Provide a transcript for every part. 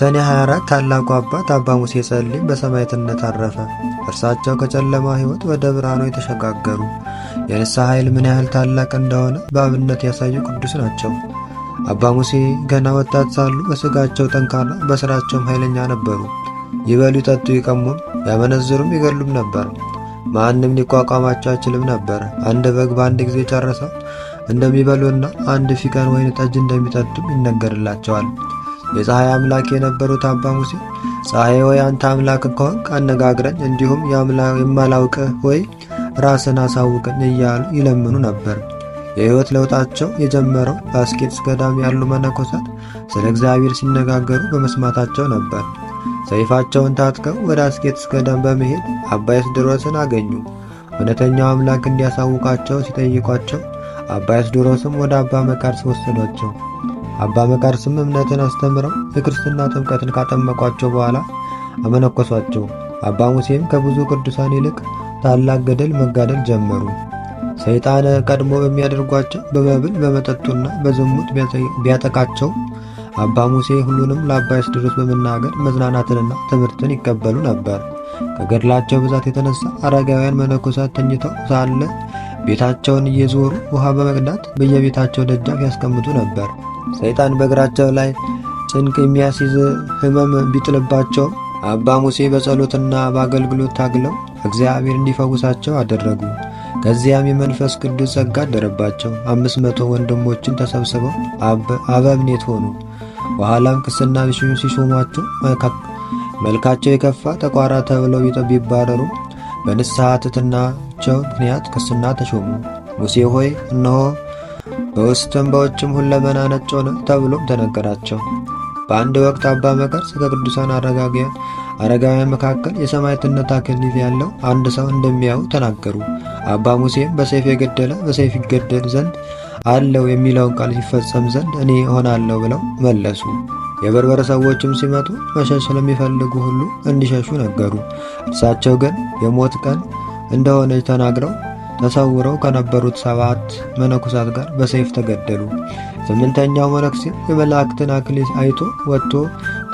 ሰኔ 24 ታላቁ አባት አባ ሙሴ ጸሊም በሰማዕትነት አረፈ። እርሳቸው ከጨለማ ሕይወት ወደ ብርሃኑ የተሸጋገሩ የንስሐ ኃይል ምን ያህል ታላቅ እንደሆነ በአብነት ያሳዩ ቅዱስ ናቸው። አባ ሙሴ ገና ወጣት ሳሉ በሥጋቸው ጠንካራ፣ በሥራቸውም ኃይለኛ ነበሩ። ይበሉ፣ ይጠጡ፣ ይቀሙም፣ ያመነዝሩም፣ ይገሉም ነበር። ማንም ሊቋቋማቸው አይችልም ነበር። አንድ በግ በአንድ ጊዜ ጨረሰው እንደሚበሉና አንድ ፊቀን ወይን ጠጅ እንደሚጠጡም ይነገርላቸዋል። የፀሐይ አምላክ የነበሩት አባ ሙሴ ፀሐይ ወይ አንተ አምላክ ከሆንክ አነጋግረን፣ እንዲሁም የማላውቅህ ወይ ራስን አሳውቅን እያሉ ይለምኑ ነበር። የሕይወት ለውጣቸው የጀመረው በአስኬትስ ገዳም ያሉ መነኮሳት ስለ እግዚአብሔር ሲነጋገሩ በመስማታቸው ነበር። ሰይፋቸውን ታጥቀው ወደ አስኬትስ ገዳም በመሄድ አባ ድሮስን አገኙ። እውነተኛው አምላክ እንዲያሳውቃቸው ሲጠይቋቸው አባ ድሮስም ወደ አባ መቃርስ ወሰዷቸው። አባ መቃርስም እምነትን አስተምረው የክርስትና ጥምቀትን ካጠመቋቸው በኋላ አመነኮሷቸው። አባ ሙሴም ከብዙ ቅዱሳን ይልቅ ታላቅ ገደል መጋደል ጀመሩ። ሰይጣን ቀድሞ በሚያደርጓቸው በመብል በመጠጡና በዝሙት ቢያጠቃቸው አባ ሙሴ ሁሉንም ለአባ ያስድርስ በመናገር መዝናናትንና ትምህርትን ይቀበሉ ነበር። ከገድላቸው ብዛት የተነሳ አረጋውያን መነኮሳት ተኝተው ሳለ ቤታቸውን እየዞሩ ውሃ በመቅዳት በየቤታቸው ደጃፍ ያስቀምጡ ነበር። ሰይጣን በእግራቸው ላይ ጭንቅ የሚያስይዝ ሕመም ቢጥልባቸው አባ ሙሴ በጸሎትና በአገልግሎት ታግለው እግዚአብሔር እንዲፈውሳቸው አደረጉ። ከዚያም የመንፈስ ቅዱስ ጸጋ አደረባቸው። አምስት መቶ ወንድሞችን ተሰብስበው አበምኔት ሆኑ። በኋላም ቅስና ሲሾሟቸው መልካቸው የከፋ ጠቋራ ተብለው ቢባረሩ በንስሐ ትሕትናቸው ምክንያት ቅስና ተሾሙ። ሙሴ ሆይ እነሆ በውስጥም በውጭም ሁለመና ነጭ ሆነ ተብሎም ተነገራቸው። በአንድ ወቅት አባ መቀርስ ከቅዱሳን አረጋውያን አረጋውያን መካከል የሰማዕትነት አክሊል ያለው አንድ ሰው እንደሚያዩ ተናገሩ። አባ ሙሴም በሰይፍ የገደለ በሰይፍ ይገደል ዘንድ አለው የሚለውን ቃል ሲፈጸም ዘንድ እኔ እሆናለሁ ብለው መለሱ። የበርበረ ሰዎችም ሲመጡ መሸሽ ስለሚፈልጉ ሁሉ እንዲሸሹ ነገሩ። እርሳቸው ግን የሞት ቀን እንደሆነች ተናግረው ተሰውረው ከነበሩት ሰባት መነኮሳት ጋር በሰይፍ ተገደሉ። ስምንተኛው መነኩሴ የመላእክትን አክሊል አይቶ ወጥቶ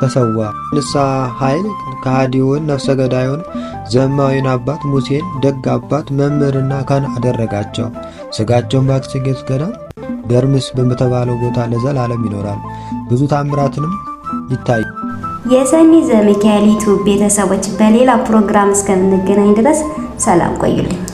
ተሰዋ። ንስሐ ኃይል ከሃዲውን ነፍሰ ገዳዩን ዘማዊን አባት ሙሴን ደግ አባት መምህርና ካህን አደረጋቸው። ስጋቸውን በአክሰጌት ገዳም ደርምስ በተባለው ቦታ ለዘላለም ይኖራል። ብዙ ታምራትንም ይታያል። የሰኒ ዘሚካኤል ቤተሰቦች በሌላ ፕሮግራም እስከምንገናኝ ድረስ ሰላም ቆዩልኝ።